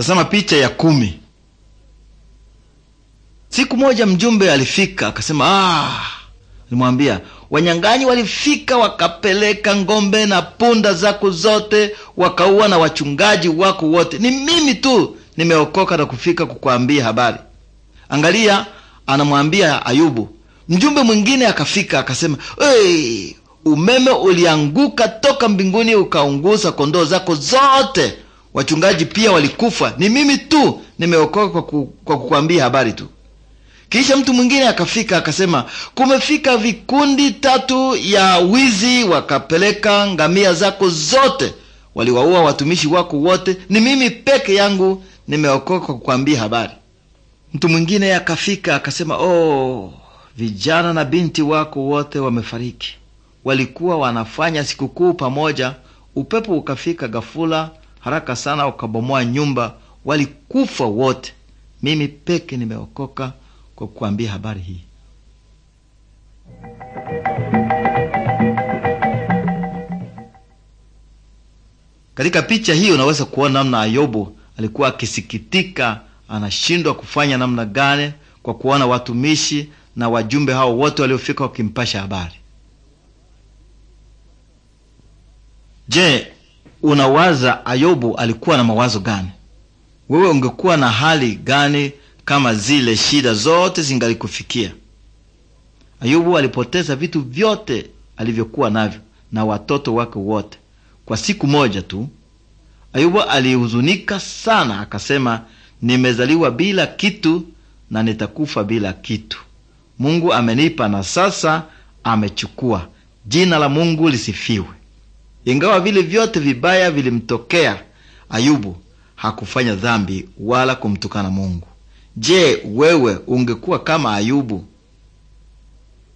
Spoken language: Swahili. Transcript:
Tazama picha ya kumi. Siku moja mjumbe alifika akasema, ah, alimwambia wanyang'anyi walifika wakapeleka ng'ombe na punda zako zote wakaua na wachungaji wako wote. Ni mimi tu nimeokoka na kufika kukwambia habari. Angalia, anamwambia Ayubu. Mjumbe mwingine akafika akasema, hey, umeme ulianguka toka mbinguni ukaunguza kondoo zako zote Wachungaji pia walikufa. Ni mimi tu nimeokoka kwa, ku, kwa kukwambia habari tu. Kisha mtu mwingine akafika akasema, kumefika vikundi tatu ya wizi, wakapeleka ngamia zako zote, waliwaua watumishi wako wote, ni mimi peke yangu nimeokoka kwa kukwambia habari. Mtu mwingine akafika akasema, oh, vijana na binti wako wote wamefariki, walikuwa wanafanya sikukuu pamoja, upepo ukafika ghafula haraka sana wakabomoa nyumba, walikufa wote. Mimi peke nimeokoka kwa kuambia habari hii. Katika picha hii unaweza kuona namna ayobu alikuwa akisikitika, anashindwa kufanya namna gani kwa kuona watumishi na wajumbe hao wote waliofika wakimpasha habari. Je, unawaza ayobu alikuwa na mawazo gani? Wewe ungekuwa na hali gani kama zile shida zote zingalikufikia? Ayubu alipoteza vitu vyote alivyokuwa navyo na watoto wake wote kwa siku moja tu. Ayubu alihuzunika sana, akasema, nimezaliwa bila kitu na nitakufa bila kitu. Mungu amenipa na sasa amechukua. Jina la Mungu lisifiwe. Ingawa vile vyote vibaya vilimtokea Ayubu, hakufanya dhambi wala kumtukana Mungu. Je, wewe ungekuwa kama Ayubu